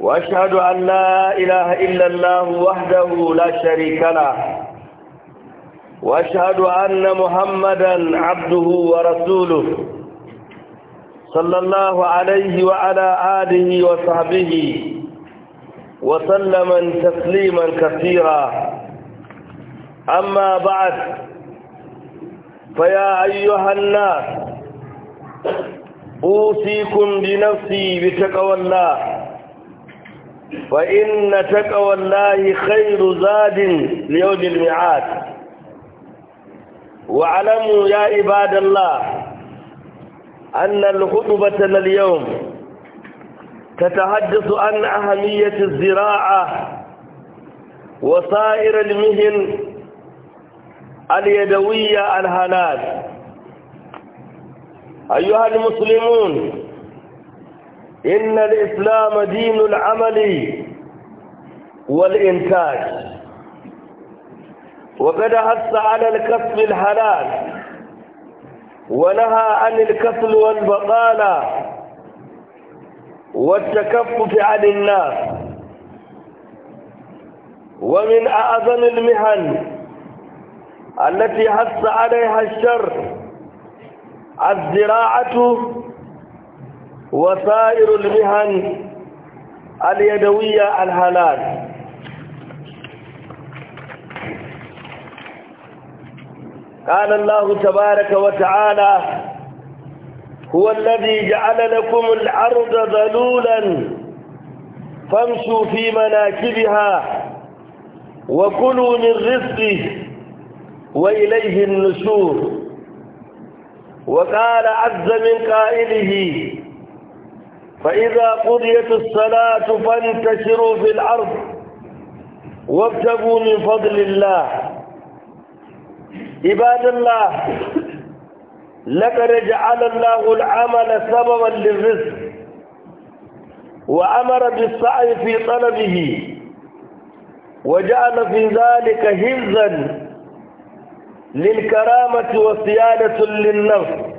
وأشهد أن لا إله إلا الله وحده لا شريك له وأشهد أن محمدا عبده ورسوله صلى الله عليه وعلى آله وصحبه وسلم تسليما كثيرا أما بعد فيا أيها الناس أوصيكم بنفسي بتقوى الله فإن تقوى الله خير زاد ليوم الميعاد واعلموا يا عباد الله أن الخطبة اليوم تتحدث عن أهمية الزراعة وسائر المهن اليدوية الهلال أيها المسلمون إن الإسلام دين العمل والإنتاج وقد حث على الكسب الحلال ونهى عن الكسل والبطالة والتكفف عن الناس ومن أعظم المهن التي حث عليها الشر الزراعة وسائر المهن اليدوية الحلال قال الله تبارك وتعالى هو الذي جعل لكم الأرض ذلولا فامشوا في مناكبها وكلوا من رزقه وإليه النشور وقال عز من قائله فإذا قضيت الصلاة فانتشروا في الأرض وابتغوا من فضل الله عباد الله لقد جعل الله العمل سببا للرزق وأمر بالسعي في طلبه وجعل في ذلك حفظا للكرامة وصيانة للنفس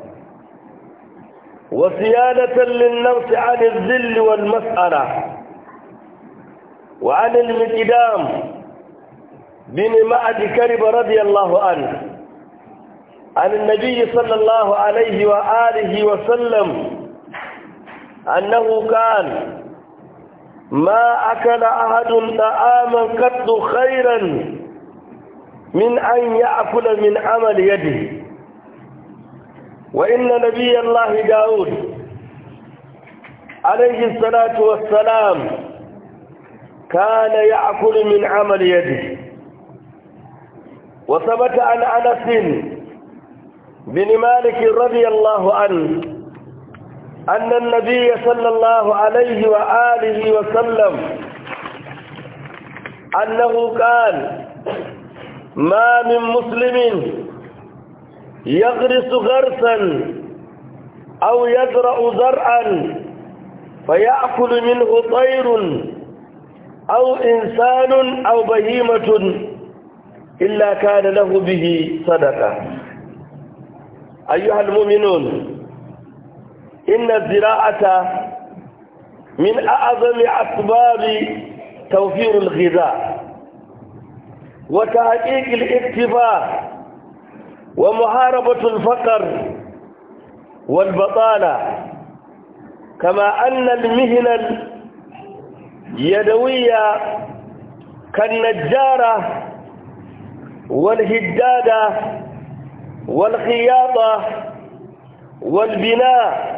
وصيانة للنفس عن الذل والمسألة وعن المقدام بن معد كرب رضي الله عنه عن النبي صلى الله عليه وآله وسلم أنه قال ما أكل أحد طعاما قط خيرا من أن يأكل من عمل يده وإن نبي الله داود عليه الصلاة والسلام كان يأكل من عمل يده وثبت عن أنس بن مالك رضي الله عنه أن النبي صلى الله عليه وآله وسلم أنه قال ما من مسلم يغرس غرسا أو يزرع زرعا فيأكل منه طير أو إنسان أو بهيمة إلا كان له به صدقة أيها المؤمنون إن الزراعة من أعظم أسباب توفير الغذاء وتحقيق الاكتفاء ومحاربة الفقر والبطالة كما أن المهنة اليدوية كالنجارة والهدادة والخياطة والبناء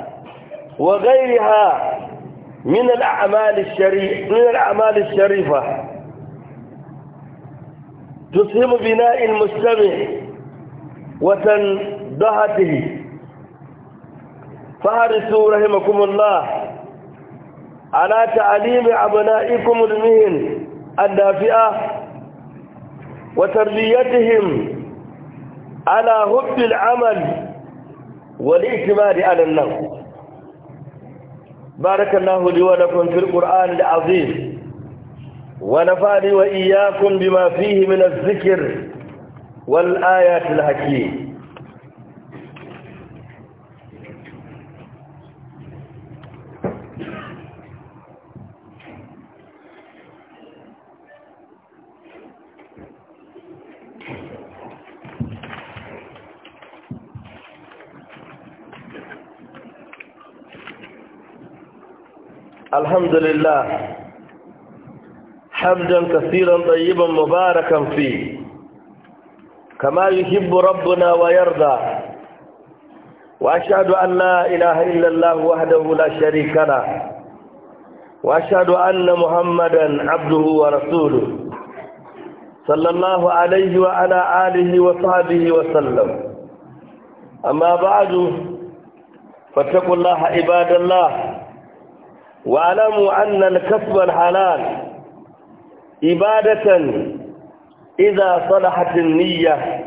وغيرها من الأعمال الشريف من الأعمال الشريفة تسهم بناء المجتمع watan dahatihi faharisu rahimakumullah ala ta'alimi abna'ikum almihin addafi'a wa tarbiyatihim ala hubbi al'amal wal ihtimadi ala an-nafs barakallahu li wa lakum fil qur'an al-azim wa nafa'ani wa iyyakum bima fihi min adh-dhikr والآيات الحكيم الحمد لله حمدا كثيرا طيبا مباركا فيه كما يحب ربنا ويرضى وأشهد أن لا إله إلا الله وحده لا شريك له وأشهد أن محمدا عبده ورسوله صلى الله عليه وعلى آله وصحبه وسلم أما بعد فاتقوا الله عباد الله واعلموا أن الكسب الحلال عبادة إذا صلحت النية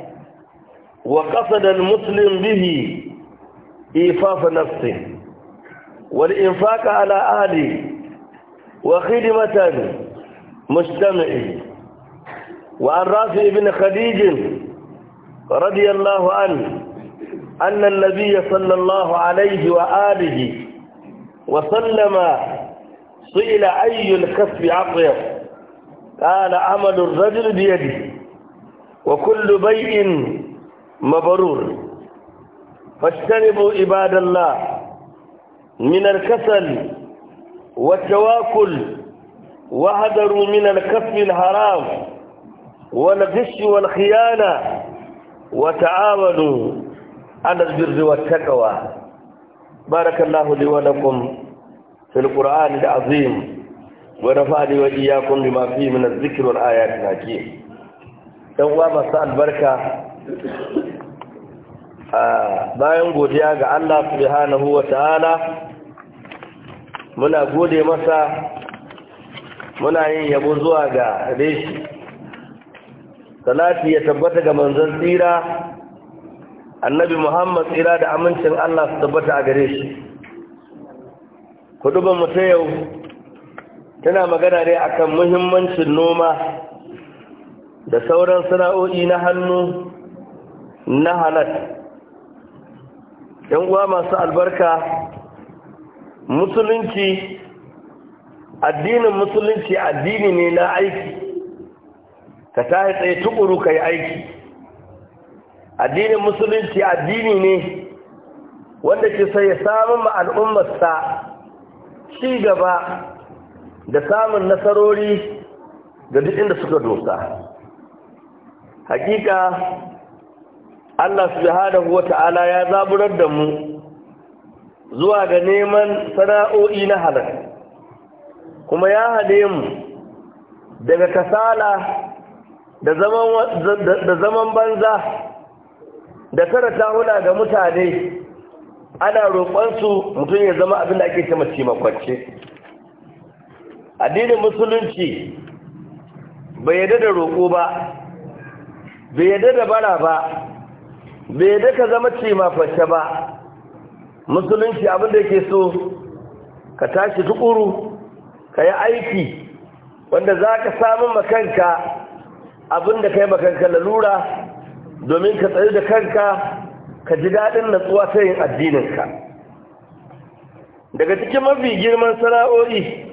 وقصد المسلم به إيفاف نفسه والإنفاق على أهله وخدمة مجتمعه وعن رافع بن خديج رضي الله عنه أن النبي صلى الله عليه وآله وسلم سئل أي الكسب عقله قال عمل الرجل بيده وكل بيء مبرور فاجتنبوا عباد الله من الكسل والتواكل واحذروا من الكف الحرام والغش والخيانة وتعاونوا على البر والتقوى بارك الله لي ولكم في القرآن العظيم ونفعني وإياكم بما فيه من الذكر والآيات الحكيم يوم مساء البركة bayan godiya ga Allah subhanahu wa ta'ala muna gode masa muna yin yabo zuwa ga reshi salati ya tabbata ga manzon tsira annabi Muhammad tsira da amincin Allah su tabbata a gare shi kuduban mu ta yau tana magana ne akan muhimmancin noma da sauran sana'o'i na hannu na halal yan uwa masu albarka musulunci addinin musulunci addini ne na aiki ka tahi tsaye tukuru ka yi aiki addinin musulunci addini ne wanda ke sai ya samun al'ummarsa ci gaba da samun nasarori ga duk inda suka dosa hakika Allah subhanahu wata'ala ya zaburar da mu zuwa ga neman sana'o'i na halar kuma ya hade mu daga kasala da zaman da zaman banza da karata hula ga mutane ana roƙonsu mutum ya zama abin da ake cewa cimakwacce addinin musulunci bai yadda da roƙo ba bai yadda da bara ba bai yadda ka zama ce mafashe ba musulunci abinda ke so ka tashi tukuru ka yi aiki wanda za ka samun makanka abinda ka yi makanka lalura domin ka tsari da kanka ka ji daɗin natsuwa ta yin addininka daga cikin mafi girman sana'o'i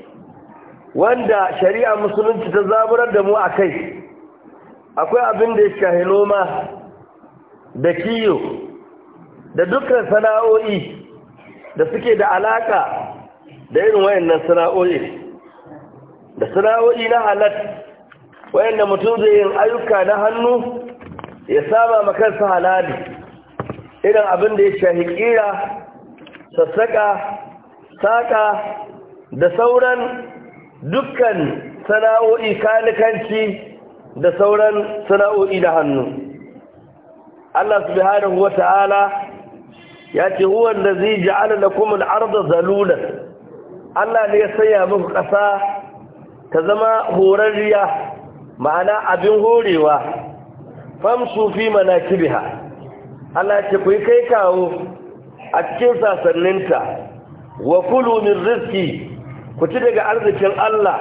wanda shari'a musulunci ta zaburar da mu a kai akwai abin da ya shahi noma da kiyo da dukkan sana'o'i da suke da alaka da irin wayannan sana'o'i da sana'o'i na halat wayanda mutum zai yin ayyuka na hannu ya saba su halali irin abin da ya shahi kira sassaka saka da sauran dukkan sana'o'i kanikanci da sauran sana'o'i da hannu Allah subhanahu Ta'ala ya ce huwan da zai ja'ala da kuma al'arda zalula Allah ne ya sanya muku ƙasa ta zama horarriya ma'ana abin horewa famsu fi kibiha. Allah ce ku kai kawo a cikin sasanninta wa kulu min rizki ku ci daga arzikin Allah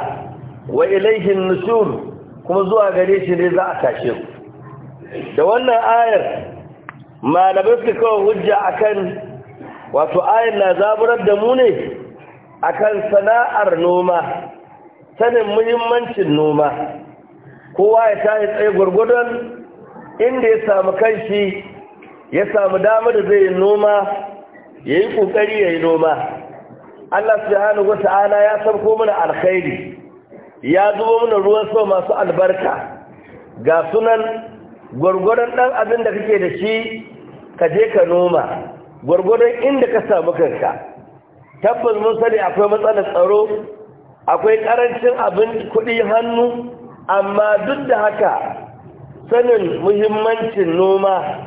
wa ilaihin nusur kuma zuwa gare shi ne za a tashe ku da wannan ayar malamai suka kawo hujja akan wato ayar na zaburar da mu ne akan sana'ar noma sanin muhimmancin noma kowa ya tashi tsaye gwargwadon inda ya samu kanshi ya samu damar da zai yi noma ya yi ƙoƙari ya yi noma Allah subhanahu wata'ala ya sarko mana alkhairi ya zubo mana ruwan so masu albarka ga sunan gwargwaron ɗan abin da kake da shi ka je ka noma gwargwaron inda ka samu kanka tabbas mun sani akwai matsalar tsaro akwai ƙarancin abin kuɗi hannu amma duk da haka sanin muhimmancin noma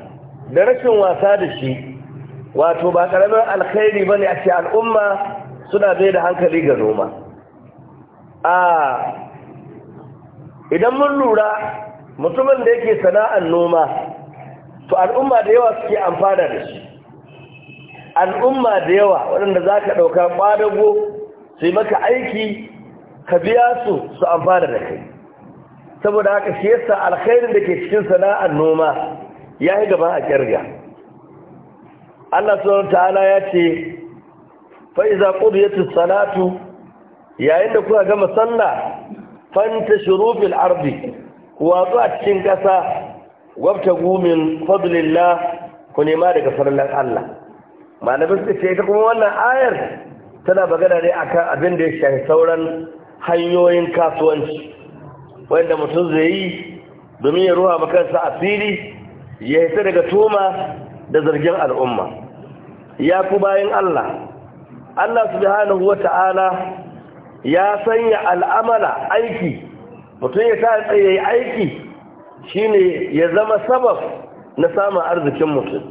da rashin wasa da shi wato ba ƙaramin alkhairi ba ne a ce al'umma suna bai da hankali ga noma a idan mun lura mutumin da yake sana'ar noma to al'umma da yawa suke amfana da shi al'umma da yawa waɗanda za ka ɗauka ƙwadago su yi maka aiki ka biya su su amfana da kai saboda haka shi yasa alkhairin da ke cikin sana'ar noma ya yi gaba a ƙirga Allah subhanahu ta'ala ya ce fa iza qudiyatis salatu yayin da kuka gama sallah fanta fil ardi ku watsu cikin ƙasa wabta gumin fadlillah ku nema daga farlan Allah malamin suka ce ita kuma wannan ayar tana magana ne akan abin da ya shafi sauran hanyoyin kasuwanci wanda mutum zai yi domin ya ruwa makansa asiri ya hita daga toma da zargin al'umma ya ku bayan Allah Allah subhanahu wata'ala ya sanya al'amala aiki mutum ya ta tsaye aiki shine ya zama sabab na samun arzikin mutum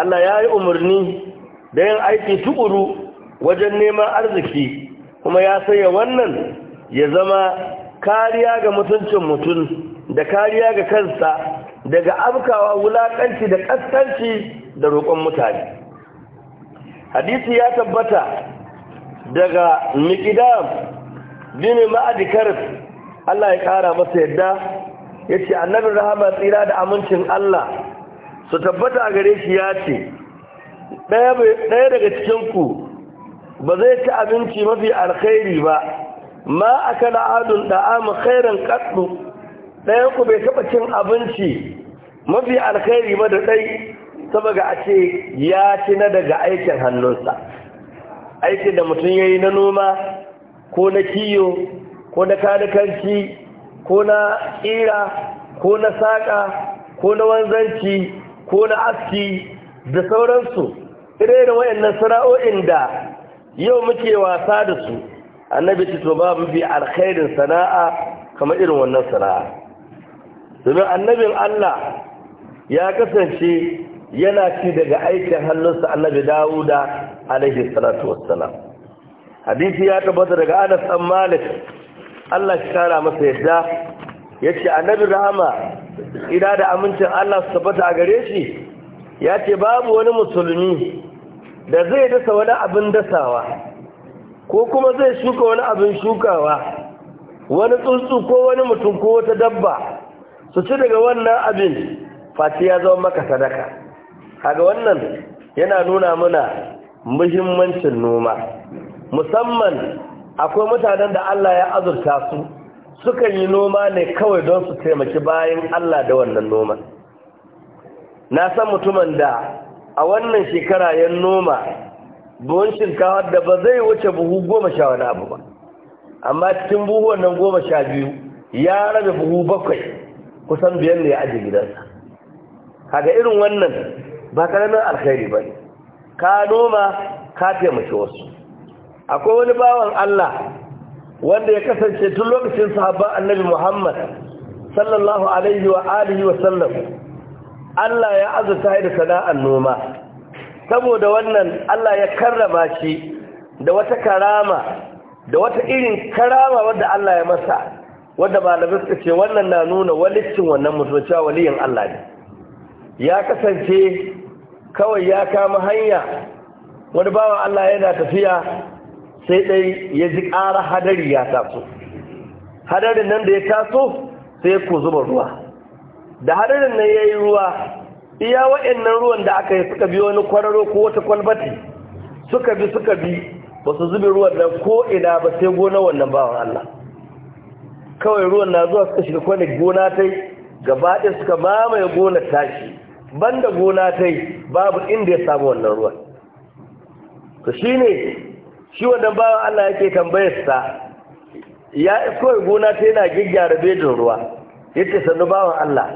Allah ya yi umarni da yin aiki tukuru wajen neman arziki kuma ya sanya wannan ya zama kariya ga mutuncin mutum da kariya ga kansa daga afkawa wulaƙanci da kaskanci da roƙon mutane hadisi ya tabbata daga mikidam bin ma'adi karif Allah ya kara masa yadda ya ce annabin rahama tsira da amincin Allah su tabbata a gare shi ya ce ɗaya daga cikinku ba zai ci abinci mafi alkhairi ba ma aka na'adun kairan khairan kaɗu ɗayanku bai taɓa cin abinci mafi alkhairi ba da ɗai saboda a ce ya tina daga aikin hannunsa aikin da mutum ya yi na noma ko na kiyo ko na kanikanci ko na ƙira ko na saƙa ko na wanzanci ko na aski da sauransu irin wayannan sana'o'in da yau muke wasa da su annabi ce to ba bi alkhairin sana'a kamar irin wannan sana'a domin annabin Allah ya kasance yana ci daga aikin hannunsa annabi dawuda alaihi salatu wassalam hadisi ya tabbata daga anas an malik allah shi kara masa yadda ya ce annabi rahama ina da amincin allah su tabbata a gare shi ya ce babu wani musulmi da zai dasa wani abin dasawa ko kuma zai shuka wani abin shukawa wani tsuntsu ko wani mutum ko wata dabba su ci daga wannan abin fati ya zama maka sadaka kaga wannan yana nuna muna muhimmancin noma musamman akwai mutanen da Allah ya azurta su sukan yi noma ne kawai don su taimaki bayan Allah da wannan noma na san mutumin da a wannan shekara ya noma buhun shinkawa da ba zai wuce buhu goma sha wani abu ba amma cikin buhu wannan goma sha biyu ya rabe buhu bakwai kusan biyan ne ya aji gidansa kaga irin wannan ba karamin alkhairi ba ne ka noma ka taimaki wasu akwai wani bawan Allah wanda ya kasance tun lokacin sahabban annabi Muhammad sallallahu alaihi wa alihi wa sallam Allah ya azurta da sana'ar noma saboda wannan Allah ya karrama shi da wata karama da wata irin karama wadda Allah ya masa wadda malamai suka ce wannan na nuna walicin wannan mutunci a waliyin Allah ne ya kasance kawai ya kama hanya wani bawan Allah yana tafiya sai dai ya ji ƙara hadari ya taso hadarin nan da ya taso sai ku zuba ruwa da hadarin nan ya yi ruwa iya wa'annan ruwan da aka yi suka bi wani kwararo ko wata kwalbati suka bi suka bi ba su zubi ruwan nan ko ina ba sai gona wannan bawan Allah kawai ruwan na zuwa suka shiga kwanin gona ta gaba ɗaya suka mamaye gona tashi banda gona ta yi babu inda ya samu wannan ruwan to shi ne shi wannan bawan Allah yake tambayarsa ya kawai gona ta yana gyaggyara bejin ruwa yake sannu bawan Allah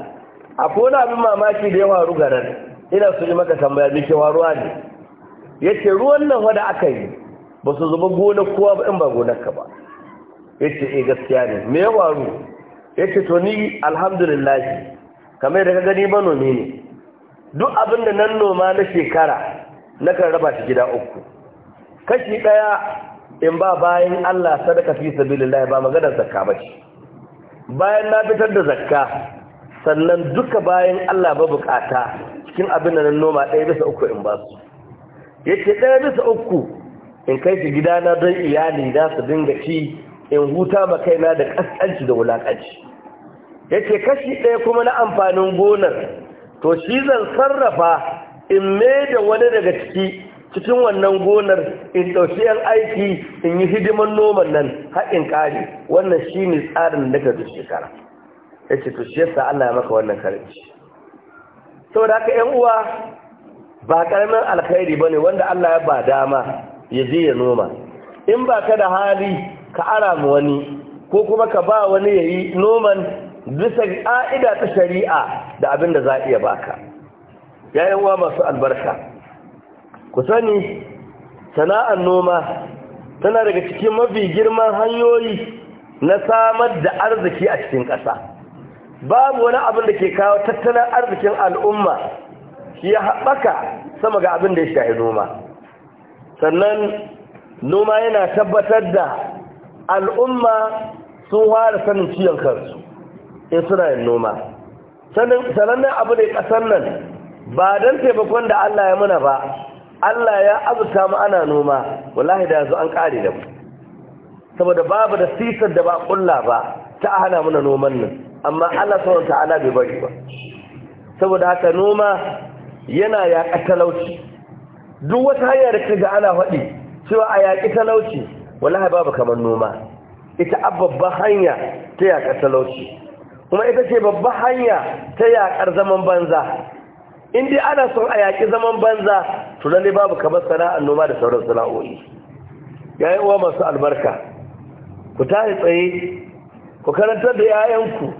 a kona abin mamaki da ya faru nan, ina su yi maka tambaya me ke ruwa ne yake ruwan nan wada aka yi ba su zuba gona kowa ba in ba ka ba yake eh gaskiya ne me ya faru yake to ni alhamdulillah kamar da ka gani manomi ne duk abin da nan noma na shekara na kan raba shi gida uku kashi ɗaya in ba bayan Allah sadaka fi sabilillah ba maganar zakka ba ce bayan na fitar da zakka sannan duka bayan Allah ba bukata cikin abin da nan noma ɗaya bisa uku in ba su yake ɗaya bisa uku in kai shi gidana don iyali na su dinga ci in huta ma kaina da ƙasƙanci da wulaƙanci yake kashi ɗaya kuma na amfanin gonar to shi zan sarrafa in mai wani daga ciki cikin wannan gonar in ɗauki yan aiki in yi hidiman noman nan haƙin ƙari wannan shi ne tsarin da ka zuci shekara ya ce to shi yasa Allah ya maka wannan karanci da haka yan uwa ba ƙaramin alkhairi ba ne wanda Allah ya ba dama ya je ya noma in ba ka da hali ka ara ma wani ko kuma ka ba wani ya yi noman bisa ƙa'ida ta shari'a da abin da za a iya baka yayin wa masu albarka ku sani sana'ar noma tana daga cikin mafi girman hanyoyi na samar da arziki a cikin ƙasa babu wani abin da ke kawo tattalin arzikin al'umma ya haɓaka sama ga abin da ya shahi noma sannan noma yana tabbatar da al'umma sun hara sanin ciyon kansu in suna yin noma sanannen abu ne ƙasar nan ba don taimakon da Allah ya muna ba Allah ya abuta mu ana noma wallahi da yanzu an kare da mu saboda babu da sisar da ba ƙulla ba ta hana muna noman nan amma Allah sauran ta'ala bai bari ba saboda haka noma yana yaƙa talauci duk wata hanya da ga ana faɗi cewa a yaƙi talauci wallahi babu kamar noma ita ababban hanya ta yaƙa talauci kuma ita ce babba hanya ta yaƙar zaman banza in ana son a yaƙi zaman banza to babu kamar sana'ar noma da sauran sana'o'i yayin uwa masu albarka ku tahi tsaye ku karantar da 'ya'yanku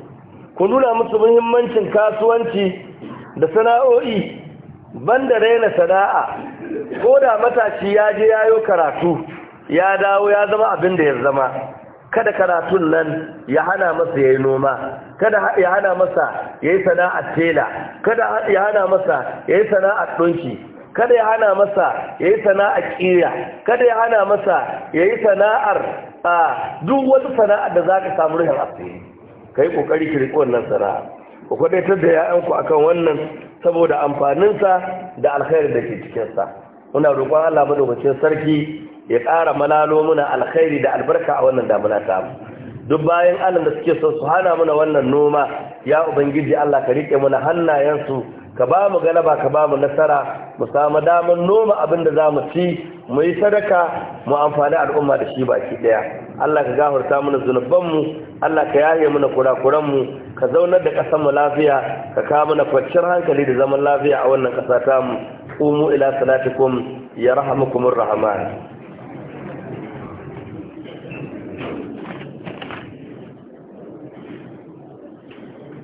ku nuna musu muhimmancin kasuwanci da sana'o'i banda raina sana'a ko da matashi ya je yayo karatu ya dawo ya zama abin da ya zama kada karatun nan ya hana masa ya yi noma kada ya hana masa ya yi sana'ar tela kada ya hana masa ya yi sana'ar ɗunki kada ya hana masa ya yi sana'ar ƙira kada ya hana masa ya yi sana'ar a duk wata sana'ar da za ka samu rihin asiri ka yi ƙoƙari ki riƙo wannan sana'a ku kwadaitar da 'ya'yanku a kan wannan saboda amfaninsa da alkhairar da ke cikinsa muna roƙon allah madaukakin sarki ya ƙara malalo muna alkhairi da albarka a wannan damuna ta mu duk bayan Allah da suke son su hana muna wannan noma ya ubangiji Allah ka rike muna su ka ba mu galaba ka ba mu nasara mu samu damar noma abin da za mu ci mu yi sadaka mu amfani al'umma da shi baki daya Allah ka gafarta mana zunubanmu Allah ka yaye mana mu ka zaunar da ƙasar mu lafiya ka kawo mana kwanciyar hankali da zaman lafiya a wannan ƙasa ta mu umu ila salatikum yarhamukumur rahman